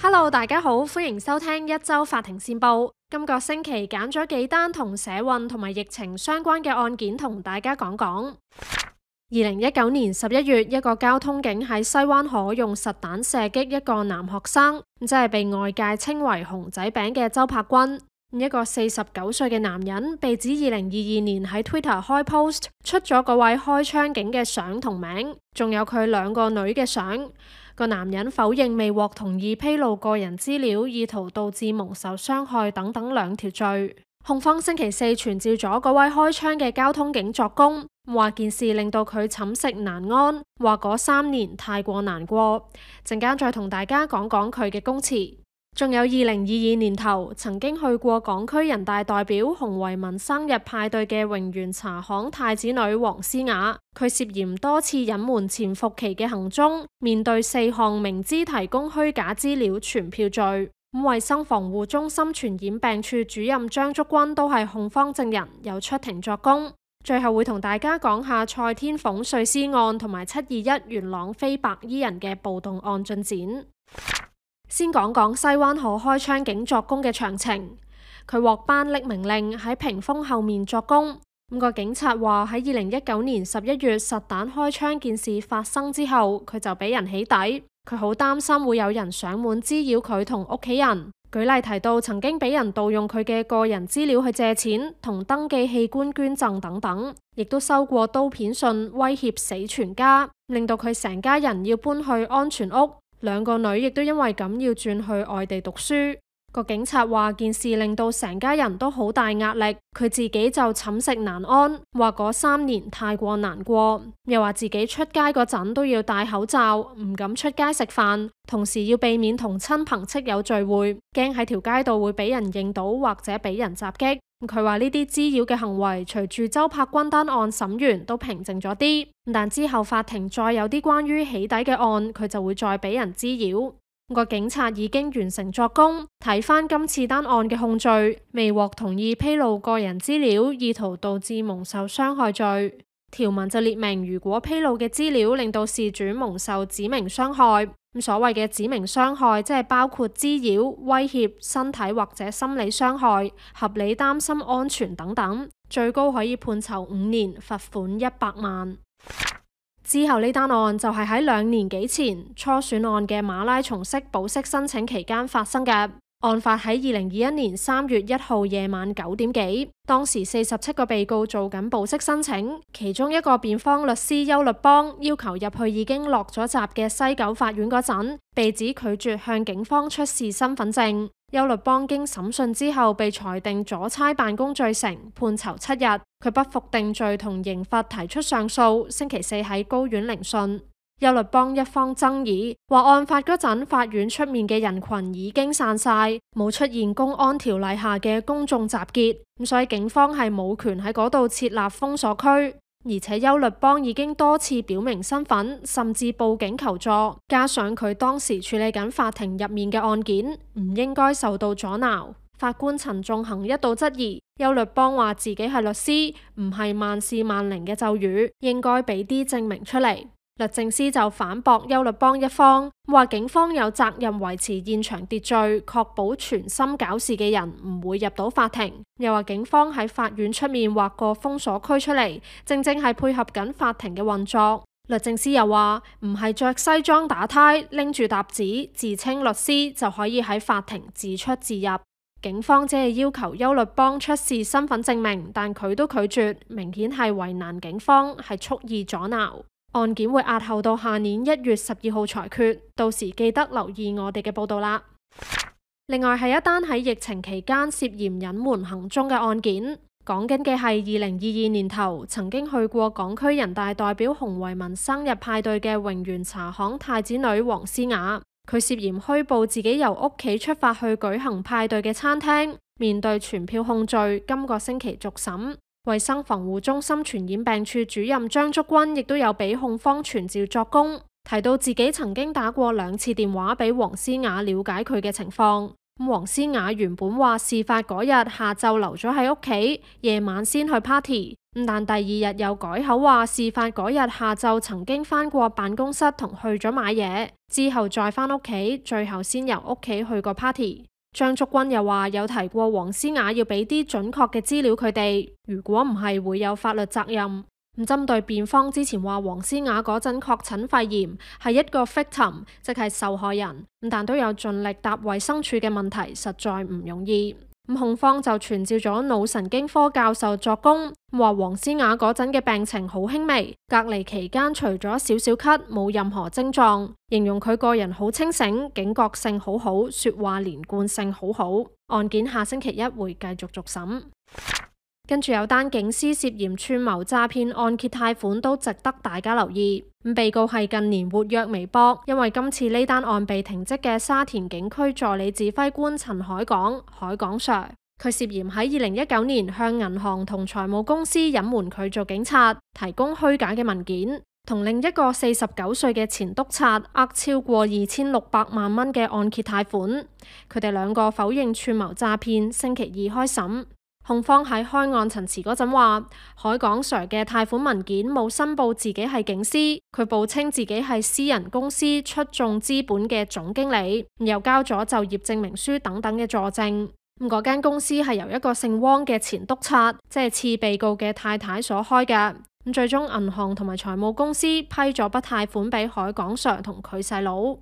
Hello，大家好，歡迎收聽一周法庭線報。今個星期揀咗幾單同社運同埋疫情相關嘅案件同大家講講。二零一九年十一月，一個交通警喺西灣河用實彈射擊一個男學生，即係被外界稱為熊仔餅嘅周柏君。一個四十九歲嘅男人被指二零二二年喺 Twitter 開 post 出咗嗰位開槍警嘅相同名，仲有佢兩個女嘅相。個男人否認未獲同意披露個人資料，意圖導致蒙受傷害等等兩條罪。控方星期四傳召咗嗰位開槍嘅交通警作供，話件事令到佢寢食難安，話嗰三年太過難過。陣間再同大家講講佢嘅供詞。仲有二零二二年頭，曾經去過港區人大代表洪為民生日派對嘅榮源茶行太子女王詩雅，佢涉嫌多次隱瞞潛伏期嘅行蹤，面對四項明知提供虛假資料傳票罪。咁衛生防護中心傳染病處主任張竹君都係控方證人，有出庭作供。最後會同大家講下蔡天鳳碎屍案同埋七二一元朗非白衣人嘅暴動案進展。先講講西灣河開槍警作供嘅詳情。佢獲頒匿名令喺屏風後面作供。五個警察話喺二零一九年十一月實彈開槍件事發生之後，佢就俾人起底。佢好擔心會有人上門滋擾佢同屋企人。舉例提到曾經俾人盜用佢嘅個人資料去借錢，同登記器官捐贈等等，亦都收過刀片信威脅死全家，令到佢成家人要搬去安全屋。兩個女亦都因為咁要轉去外地讀書。個警察話件事令到成家人都好大壓力，佢自己就寢食難安，話嗰三年太過難過，又話自己出街嗰陣，都要戴口罩，唔敢出街食飯，同時要避免同親朋戚友聚會，驚喺條街道會俾人認到或者俾人襲擊。佢話呢啲滋擾嘅行為，隨住周柏君單案審完都平靜咗啲，但之後法庭再有啲關於起底嘅案，佢就會再俾人滋擾。個警察已經完成作供，睇返今次單案嘅控罪，未獲同意披露個人資料，意圖導致蒙受傷害罪。條文就列明，如果披露嘅資料令到事主蒙受指明傷害，咁所謂嘅指明傷害，即係包括滋擾、威脅、身體或者心理傷害、合理擔心安全等等，最高可以判囚五年、罰款一百萬。之後呢單案就係喺兩年幾前初選案嘅馬拉松式保釋申請期間發生嘅。案發喺二零二一年三月一號夜晚九點幾，當時四十七個被告做緊保釋申請，其中一個辯方律師邱律邦要求入去已經落咗閘嘅西九法院嗰陣，被指拒絕向警方出示身份證。邱律邦經審訊之後被裁定阻差辦公罪成，判囚七日，佢不服定罪同刑罰提出上訴，星期四喺高院聆訊。優律邦一方爭議話，案發嗰陣，法院出面嘅人群已經散晒，冇出現公安條例下嘅公眾集結，咁所以警方係冇權喺嗰度設立封鎖區。而且優律邦已經多次表明身份，甚至報警求助，加上佢當時處理緊法庭入面嘅案件，唔應該受到阻撓。法官陳仲衡一度質疑，優律邦話自己係律師，唔係萬事萬靈嘅咒語，應該俾啲證明出嚟。律政司就反駁憂律邦一方，話警方有責任維持現場秩序，確保全心搞事嘅人唔會入到法庭。又話警方喺法院出面畫個封鎖區出嚟，正正係配合緊法庭嘅運作。律政司又話唔係着西裝打呔，拎住沓紙自稱律師就可以喺法庭自出自入，警方只係要求憂律邦出示身份證明，但佢都拒絕，明顯係為難警方，係蓄意阻撓。案件會押後到下年一月十二號裁決，到時記得留意我哋嘅報道啦。另外係一單喺疫情期間涉嫌隱瞞行蹤嘅案件，講緊嘅係二零二二年頭曾經去過港區人大代表洪為民生日派對嘅榮源茶行太子女王詩雅，佢涉嫌虛報自己由屋企出發去舉行派對嘅餐廳，面對傳票控罪，今個星期續審。衛生防護中心傳染病處主任張竹君亦都有俾控方傳召作供，提到自己曾經打過兩次電話俾王詩雅了解佢嘅情況。咁王詩雅原本話事發嗰日下晝留咗喺屋企，夜晚先去 party。但第二日又改口話事發嗰日下晝曾經翻過辦公室同去咗買嘢，之後再翻屋企，最後先由屋企去過 party。張竹君又話有提過王詩雅要俾啲準確嘅資料佢哋，如果唔係會有法律責任。咁針對辯方之前話王詩雅嗰陣確診肺炎係一個 victim，即係受害人，但都有盡力答衛生署嘅問題，實在唔容易。控方就傳召咗腦神經科教授作供，話王詩雅嗰陣嘅病情好輕微，隔離期間除咗少少咳，冇任何症狀，形容佢個人好清醒，警覺性好好，說話連貫性好好。案件下星期一會繼續續審。跟住有單警司涉嫌串謀詐騙按揭貸款，都值得大家留意。被告係近年活躍微博，因為今次呢單案被停職嘅沙田警區助理指揮官陳凱港，海港 Sir，佢涉嫌喺二零一九年向銀行同財務公司隱瞞佢做警察，提供虛假嘅文件，同另一個四十九歲嘅前督察，呃超過二千六百萬蚊嘅按揭貸款，佢哋兩個否認串謀詐騙，星期二開審。控方喺開案陳詞嗰陣話，海港 Sir 嘅貸款文件冇申報自己係警司，佢報稱自己係私人公司出眾資本嘅總經理，又交咗就業證明書等等嘅助證。嗰間公司係由一個姓汪嘅前督察，即係次被告嘅太太所開嘅。最終銀行同埋財務公司批咗筆貸款俾海港 Sir 同佢細佬。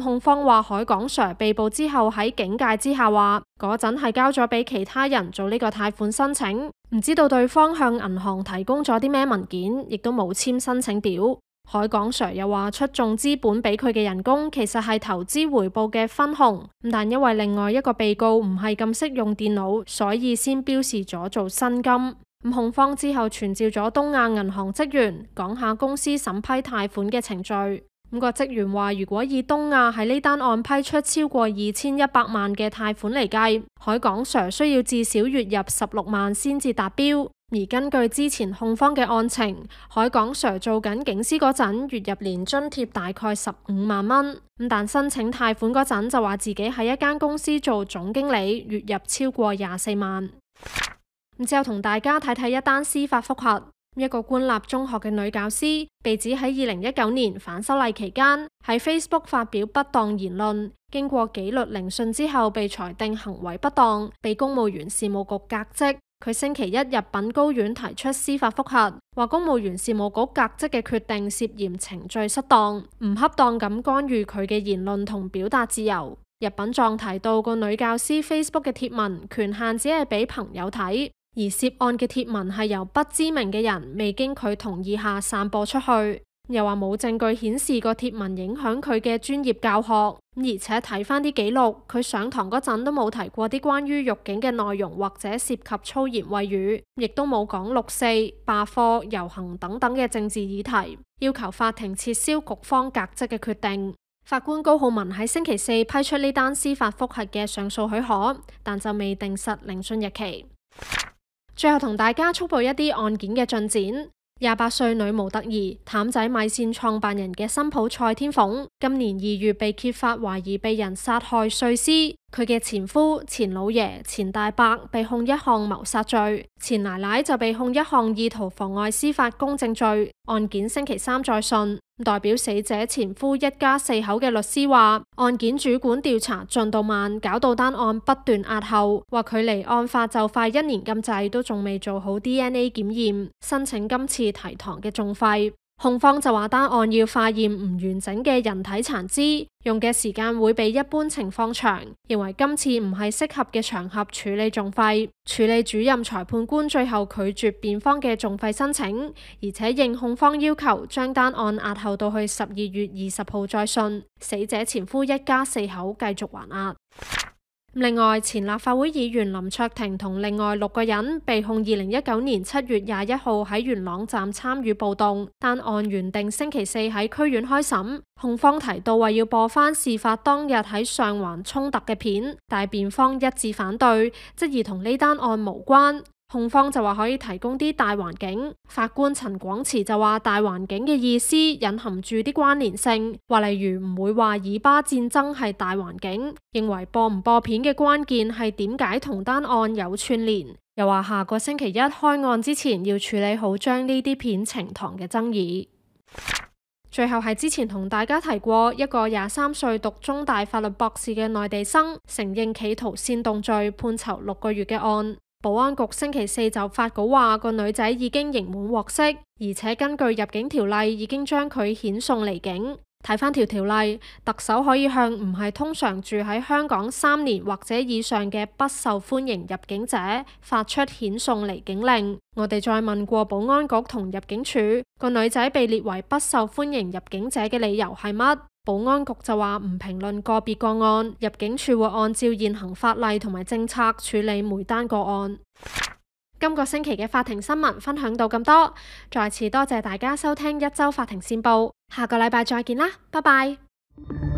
控方話海港 Sir 被捕之後喺警戒之下話，嗰陣係交咗俾其他人做呢個貸款申請，唔知道對方向銀行提供咗啲咩文件，亦都冇簽申請表。海港 Sir 又話出眾資本俾佢嘅人工，其實係投資回報嘅分紅，但因為另外一個被告唔係咁識用電腦，所以先標示咗做薪金。控方之後傳召咗東亞銀行職員講下公司審批貸款嘅程序。咁個職員話，如果以東亞喺呢單案批出超過二千一百萬嘅貸款嚟計，海港 Sir 需要至少月入十六萬先至達標。而根據之前控方嘅案情，海港 Sir 做緊警司嗰陣月入連津貼大概十五萬蚊。咁但申請貸款嗰陣就話自己喺一間公司做總經理，月入超過廿四萬。咁之後同大家睇睇一單司法複核。一個官立中學嘅女教師被指喺二零一九年反修例期間喺 Facebook 發表不當言論，經過紀律聆訊之後被裁定行為不當，被公務員事務局革職。佢星期一入稟高院提出司法覆核，話公務員事務局革職嘅決定涉嫌程序失當，唔恰當咁干預佢嘅言論同表達自由。入稟狀提到個女教師 Facebook 嘅貼文，權限只係俾朋友睇。而涉案嘅貼文係由不知名嘅人未經佢同意下散播出去，又話冇證據顯示個貼文影響佢嘅專業教學，而且睇翻啲記錄，佢上堂嗰陣都冇提過啲關於獄警嘅內容，或者涉及粗言穢語，亦都冇講六四罷課遊行等等嘅政治議題，要求法庭撤銷局方革職嘅決定。法官高浩文喺星期四批出呢單司法覆核嘅上訴許可，但就未定實聆訊日期。最後同大家速報一啲案件嘅進展。廿八歲女模特兒，譚仔米線創辦人嘅新抱蔡天鳳，今年二月被揭發懷疑被人殺害碎屍。佢嘅前夫、前老爺、前大伯被控一項謀殺罪，前奶奶就被控一項意圖妨礙司法公正罪。案件星期三再訊，代表死者前夫一家四口嘅律師話，案件主管調查進度慢，搞到單案不斷押後，話距離案發就快一年咁滯，都仲未做好 DNA 檢驗，申請今次提堂嘅訟費。控方就話單案要化驗唔完整嘅人體殘肢，用嘅時間會比一般情況長，認為今次唔係適合嘅場合處理訟費。處理主任裁判官最後拒絕辯方嘅訟費申請，而且應控方要求將單案押後到去十二月二十號再訊。死者前夫一家四口繼續還押。另外，前立法會議員林卓廷同另外六個人被控二零一九年七月廿一號喺元朗站參與暴動，但案原定星期四喺區院開審。控方提到話要播翻事發當日喺上環衝突嘅片，但辯方一致反對，質疑同呢單案無關。控方就話可以提供啲大環境，法官陳廣池就話大環境嘅意思隱含住啲關聯性，話例如唔會話以巴戰爭係大環境，認為播唔播片嘅關鍵係點解同單案有串聯，又話下個星期一開案之前要處理好將呢啲片呈堂嘅爭議。最後係之前同大家提過一個廿三歲讀中大法律博士嘅內地生，承認企圖煽動罪判囚六個月嘅案。保安局星期四就發稿話，個女仔已經刑滿獲釋，而且根據入境條例，已經將佢遣送離境。睇翻條條例，特首可以向唔係通常住喺香港三年或者以上嘅不受歡迎入境者發出遣送離境令。我哋再問過保安局同入境處，個女仔被列為不受歡迎入境者嘅理由係乜？保安局就話唔評論個別個案，入境處會按照現行法例同埋政策處理每單個案。今 個星期嘅法庭新聞分享到咁多，再次多謝大家收聽一周法庭線報，下個禮拜再見啦，拜拜。